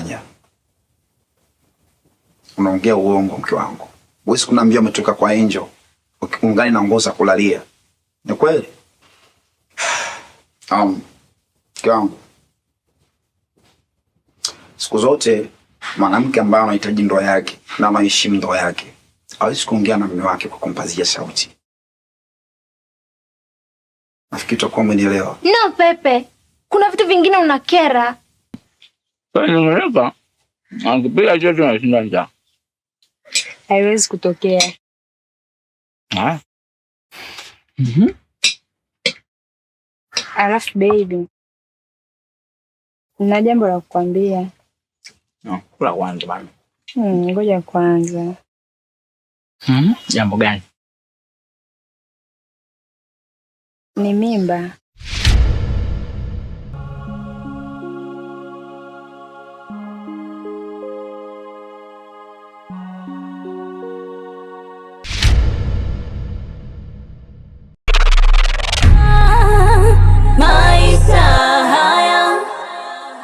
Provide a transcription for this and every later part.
unachokifanya. Unaongea uongo, mke wangu. Huwezi kuniambia umetoka kwa Angel ukiungana na ngoza kulalia. Ni kweli? Um, mke wangu, siku zote mwanamke ambaye anahitaji ndoa yake na anaheshimu ndoa yake hawezi kuongea na mume wake kwa kumpazia sauti. Nafikiri utakuwa umenielewa. No, Pepe, kuna vitu vingine unakera. Sasa angipiga chote nashinda njaa, haiwezi kutokea. Mhm. Alafu baby, na jambo la kukwambia. No, kula kwanza bana. Hmm, ngoja kwanza. Hmm? jambo gani? Ni mimba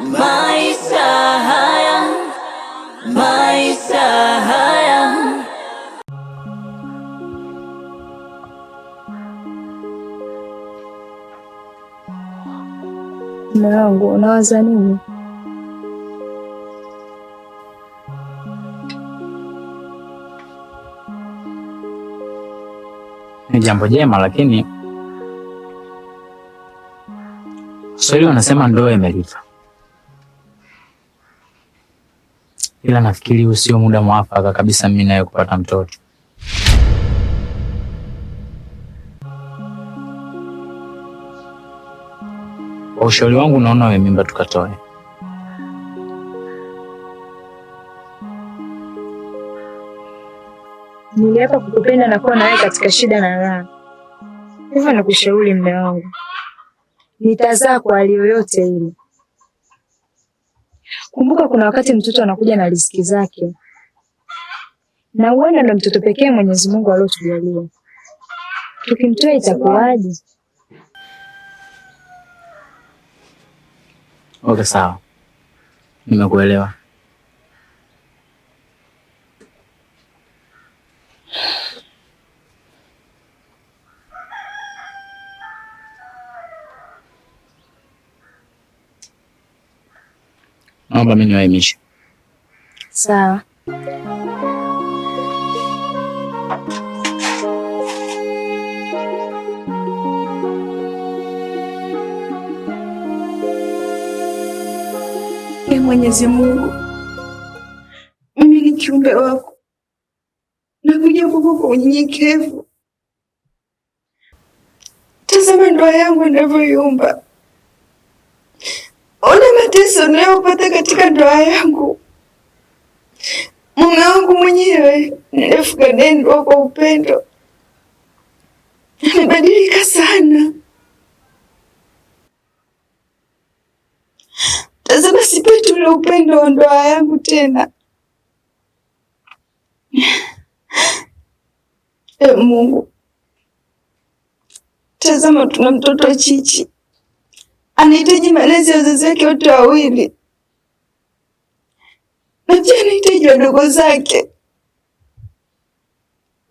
maisha haya, maisha haya. Mume wangu, unawaza nini? Ni jambo jema, lakini Waswahili wanasema ndoa imelipa. ila nafikiri huu sio muda mwafaka kabisa mimi naye kupata mtoto. Kwa ushauri wangu, naona we mimba tukatoe. Niliapa kukupenda na kuwa wewe katika shida na raha, hivyo nakushauri mume wangu, nitazaa kwa hali yoyote ile. Kumbuka kuna wakati mtoto anakuja na riziki zake, na uenda ndo mtoto pekee Mwenyezi Mungu aliotujalia. Tukimtoa itakuwaje? Okay, sawa, nimekuelewa. naomba mimi niwaimishe. Sawa. Ee Mwenyezi Mungu, mimi ni kiumbe wako, nakuja kwako kwa unyenyekevu. Tazama ndoa yangu inavyoyumba mateso unayopata katika ndoa yangu. Mume wangu mwenyewe niliyefunga naye ndoa kwa upendo amebadilika sana. Tazama, sipati ule upendo wa ndoa yangu tena. E Mungu, tazama, tuna mtoto Chichi anahitaji malezi ya wazazi wake wote wawili, na pia anahitaji wadogo zake.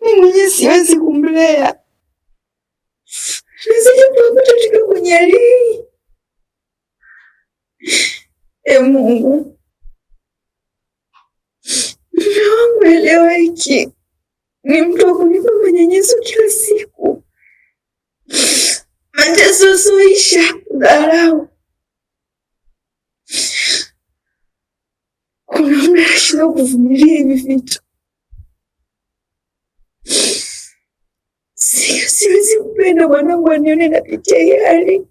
Mi mwenyewe siwezi kumlea, tunawezaje kuwapata tukiwa kwenye hali hii? E Mungu, mume wangu elewa, hiki ni mtu wa kunipa manyanyaso kila siku Amejisususisha kudharau. Kuna muda nashindwa kuvumilia hivi vitu, siwezi kupenda mwanangu anione napitia hii hali.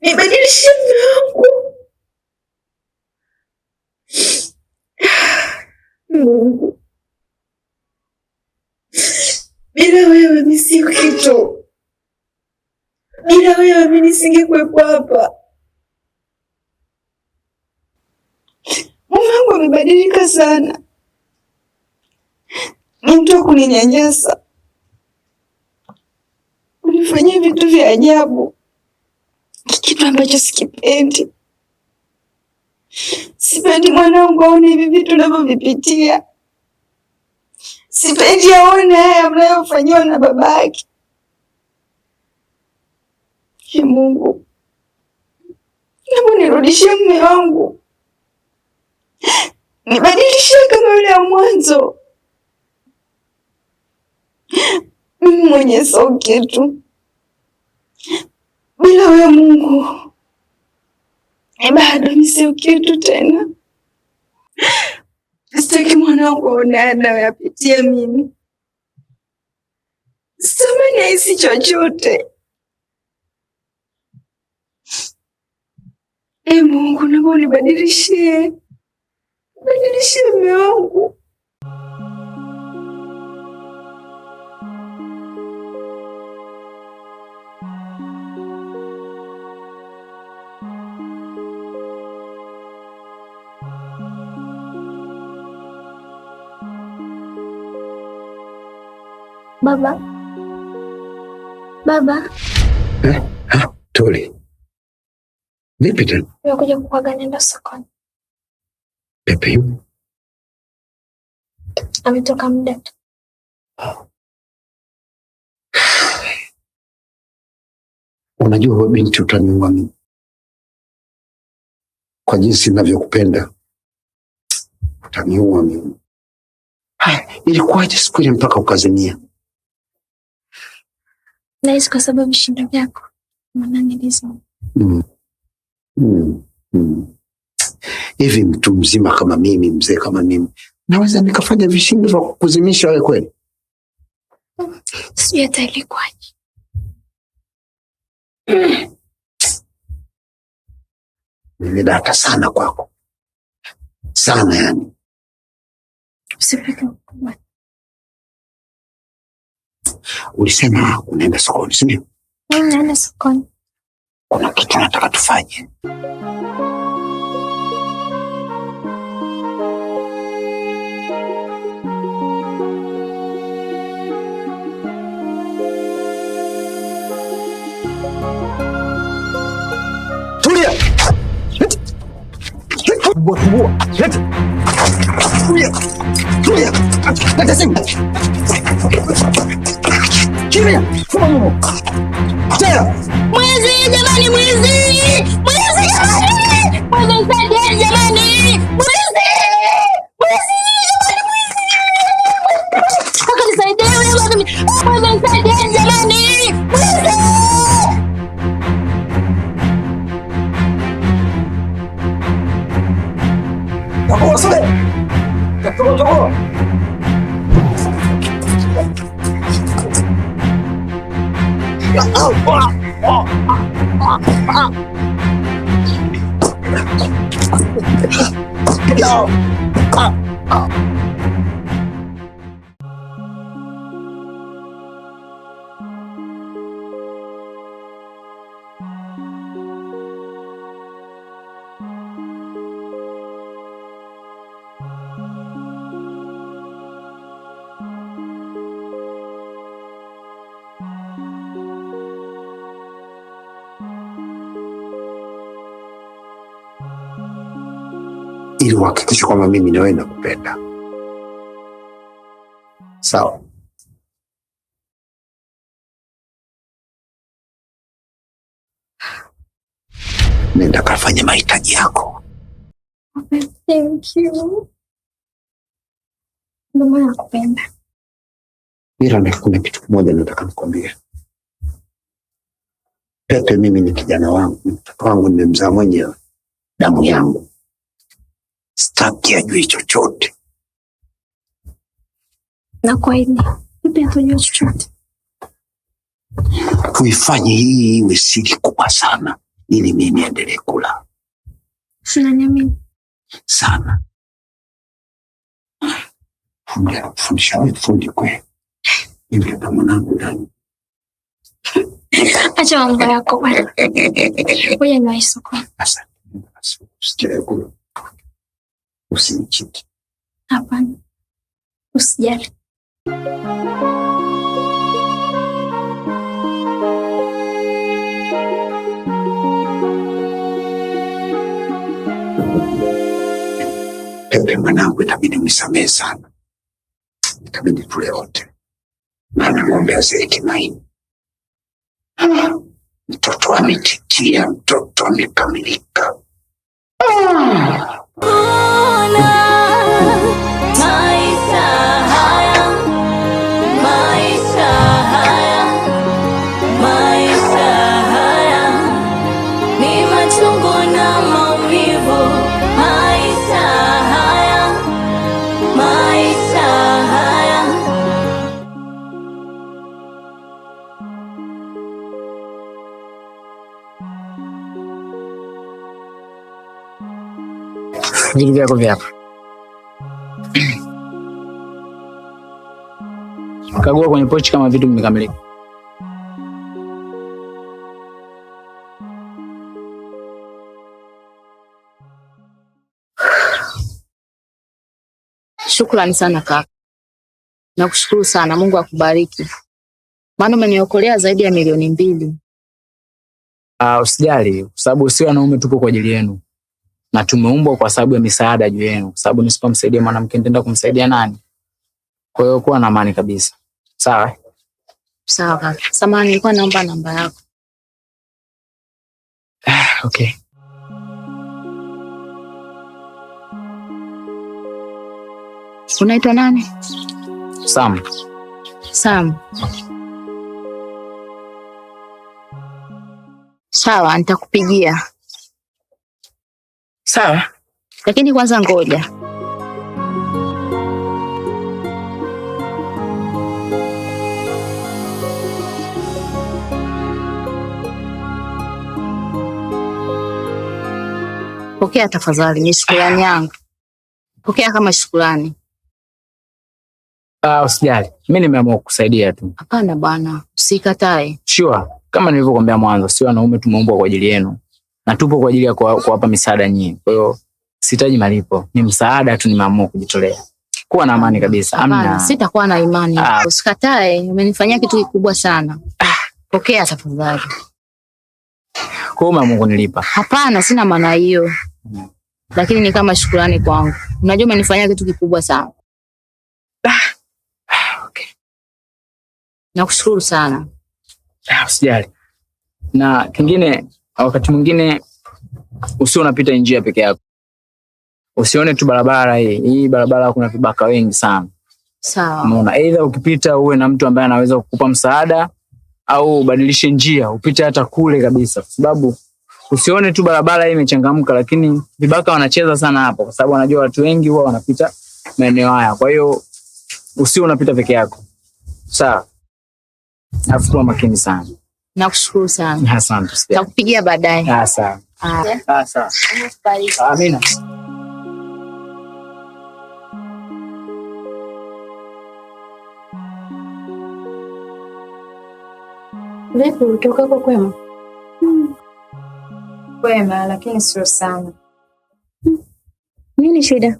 Nibadilishe mume Mungu. Bila wewe mimi si kitu, bila wewe mimi nisingekuwepo hapa. Mume wangu amebadilika sana, ni mtu wa kuninyanyasa, unifanyia vitu vya ajabu, kitu ambacho sikipendi. Sipendi mwanangu aone hivi vitu navyovipitia. Sipendi aone haya mnayofanyiwa na baba yake. Ee Mungu, hebu nirudishie mume wangu, nibadilishie kama yule ya mwanzo. Mimi mwenye sio tu, bila wewe Mungu, bado mimi sio kitu tena. Sitaki mnaoona nayoyapitia mimi, samani haisi chochote. E Mungu, naomba unibadilishie, nibadilishie mume wangu Baba, baba. eh? ha, ah, Tuli, vipi tena? Nimekuja kukuaga, nenda sokoni. Pepe yupo? Ametoka muda tu. Unajua wewe binti, utaniua mimi kwa jinsi ninavyokupenda, utaniua mimi. Haya, ilikuwaje siku ile mpaka ukazimia? rahisi kwa sababu vishindo vyako mwananilizimu mm. mm. mm. hivi mtu mzima kama mimi mzee kama mimi naweza nikafanya vishindo vya kukuzimisha wewe kweli mm. sijui hata ilikuwaje nimedata sana kwako sana yani usifike Ulisema unaenda sokoni, si ndio? Naenda sokoni. Kuna kitu nataka tufanye. Tulia. Kimya! Fuma mumo! Tena! Mwizi jamani, mwizi! Mwizi jamani! Mwizi jamani! ili uhakikishe kwamba mimi na wewe nakupenda. Sawa. Nenda kafanya mahitaji yako. Thank you. Ndio maana nakupenda. Mira, na kuna kitu kimoja nataka nikwambie. Pepe, mimi ni kijana wangu, mtoto wangu mzaa mwenyewe, damu yangu Staki ajue chochote, na ipi atajua chochote. Tuifanye hii iwe siri kubwa sana, ili mimi endelee kula. Sinaniamini sana fundisha we fundi kwe ata mwanangu ndani. Acha mambo yako bwana, uye niwaisoko ni Hapana, usijali. Pepe mwanangu, itabidi unisamehe sana, itabidi tule wote, maana ng'ombe hazeeki maini. Mtoto ametikia, mtoto amekamilika. Ah! போனா vitu vyako vyako. Kagua kwenye pochi kama vitu vimekamilika. Shukrani sana kaka, nakushukuru sana. Mungu akubariki, maana umeniokolea zaidi ya milioni mbili. Ah, usijali kwa sababu sio wanaume, tupo kwa ajili yenu na tumeumbwa kwa sababu ya misaada juu yenu, kwa sababu nisipomsaidia mwanamke nitaenda kumsaidia nani? Kwa hiyo kuwa na amani kabisa. Sawa sawa samani, nilikuwa naomba namba yako. Okay. Unaitwa nani? Sam. Sam. Sawa, nitakupigia. Sawa, lakini kwanza ngoja pokea tafadhali, ni shukrani yangu, pokea kama shukrani. Ah, usijali, mimi nimeamua kukusaidia tu. Hapana bwana, usikatae. Sure, kama nilivyokuambia mwanzo, sio wanaume tumeumbwa kwa ajili yenu na tupo kwa ajili ya kuwapa misaada nyinyi. Kwa hiyo sihitaji malipo, ni msaada tu, nimeamua kujitolea. Kuwa na amani kabisa, amna. Sitakuwa na imani, ah. usikatae. Umenifanyia kitu kikubwa sana, ah. pokea tafadhali. Kwa hiyo Mungu nilipa? Hapana, sina maana hiyo, lakini ni kama shukrani kwangu. Unajua umenifanyia kitu kikubwa sana. Ah. nakushukuru sana. Usijali. Na kingine Wakati mwingine usio unapita njia peke yako, usione tu barabara hii hii. Barabara kuna vibaka wengi sana, sawa? Unaona, aidha ukipita uwe na mtu ambaye anaweza kukupa msaada au ubadilishe njia upite hata kule kabisa, kwa sababu usione tu barabara hii imechangamka, lakini vibaka wanacheza sana hapo, kwa sababu wanajua watu wengi huwa wanapita maeneo haya. Kwa hiyo usio unapita peke yako, sawa? Afu kuwa makini sana. Nakushukuru sana. Ah, asante. Takupigia baadaye. Asante. Ah, asante. Ah, ah sawa. Amina. Vipi utokako kwema? Hmm. Kwema, lakini sio sana. Hmm. Nini shida?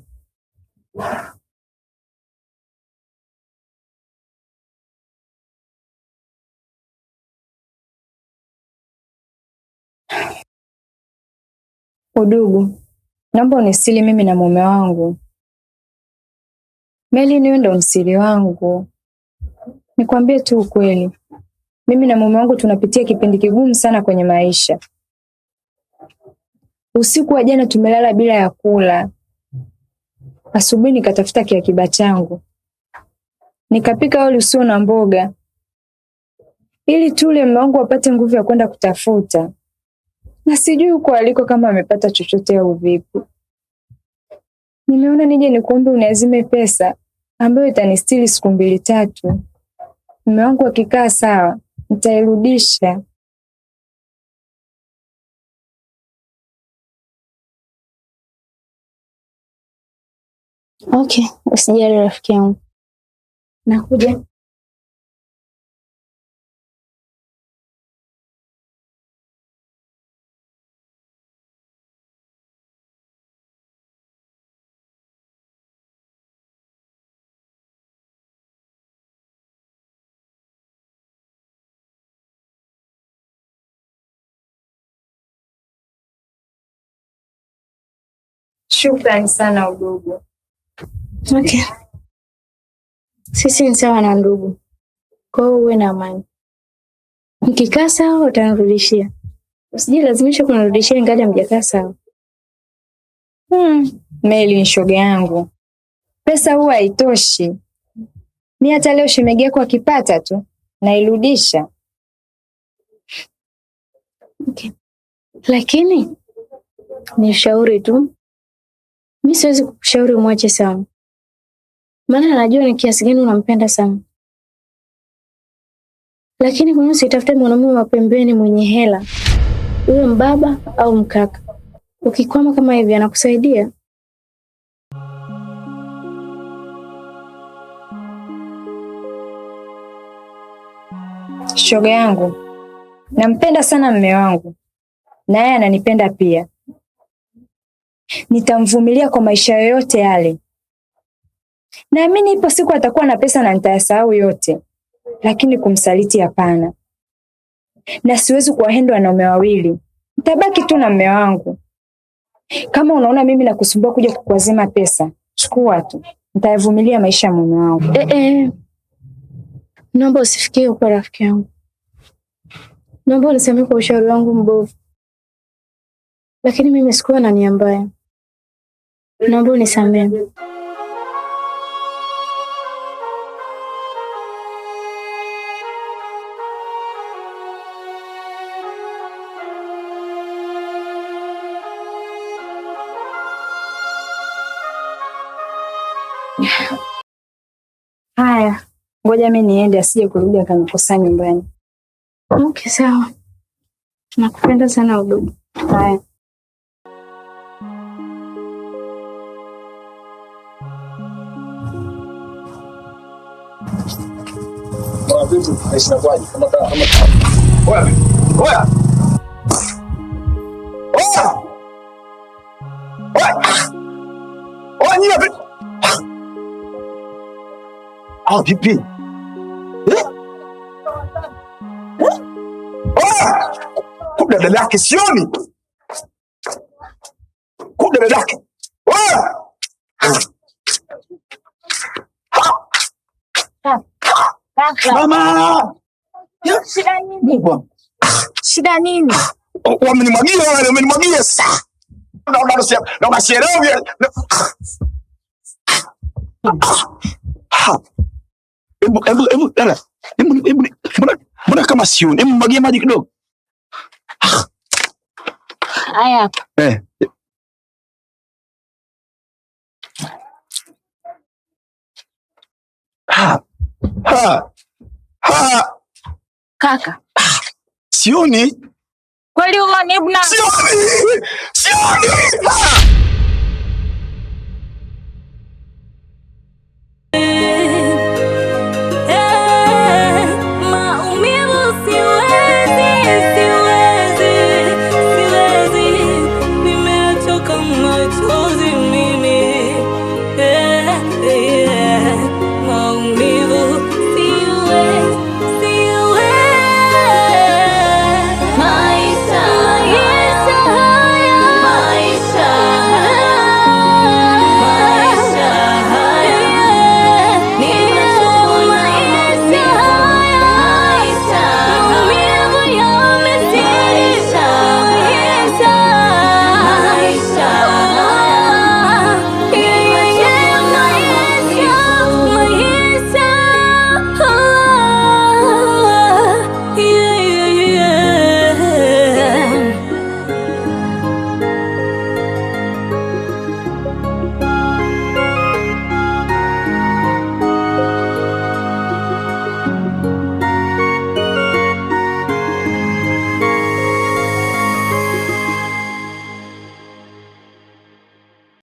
Udugu, naomba unisili mimi na mume wangu. Meli, niwe ndo msili wangu. Nikwambie tu ukweli, mimi na mume wangu tunapitia kipindi kigumu sana kwenye maisha. Usiku wa jana tumelala bila ya kula. Asubuhi nikatafuta kiakiba changu, nikapika wali usio na mboga ili tule mume wangu apate nguvu ya kwenda kutafuta na sijui huko aliko kama amepata chochote au vipi. Nimeona nije nikuombe uniazime pesa ambayo itanistiri siku mbili tatu. Mume wangu akikaa sawa, nitairudisha. Okay, usijali rafiki yangu, nakuja. Shukrani sana udugu. Okay. Sisi ni sawa na ndugu, kwa hiyo uwe na amani. Nikikaa sawa utanirudishia, lazimisha kunirudishia ingali amjakaa sawa. Hmm. Meli ni shoga yangu, pesa huwa haitoshi. Mi hata leo shemegi yako akipata tu nairudisha. Okay. Lakini ni ushauri tu Mi siwezi kukushauri umwache Samu, maana najua ni kiasi gani unampenda sana lakini kwa nini usitafute mwanamume wa pembeni mwenye hela, uwe mbaba au mkaka? Ukikwama kama hivi, anakusaidia. Shoga yangu, nampenda sana mme wangu, naye ananipenda pia nitamvumilia kwa maisha yoyote yale. Naamini ipo siku atakuwa na pesa na nitayasahau yote, lakini kumsaliti hapana. Na siwezi kuwahendo wanaume wawili, nitabaki tu na mme wangu. Kama unaona mimi nakusumbua kuja kukuazima pesa, chukua tu, nitayavumilia maisha ya mume wangu. Eh, eh. Naomba usifikie huko rafiki yangu, naomba unisamehe kwa ushauri wangu mbovu, lakini mimi sikuwa na nia mbaya. Naomba unisamehe. Haya, ngoja mimi niende, asije kurudi akanikosa nyumbani. Okay, sawa. Nakupenda sana udugu. Haya. vitu naishi vipi? Au dada yake sioni. Kuna dada yake mama, shida nini? Shida nini? Wamenimwagia wale, wamenimwagia saa na unashelewa mbona kama sioni? Hebu mwagie maji kidogo. Haya. Eh. Ha. Ha. Ah, kaka sioni kweli, uone bwana, sioni sioni.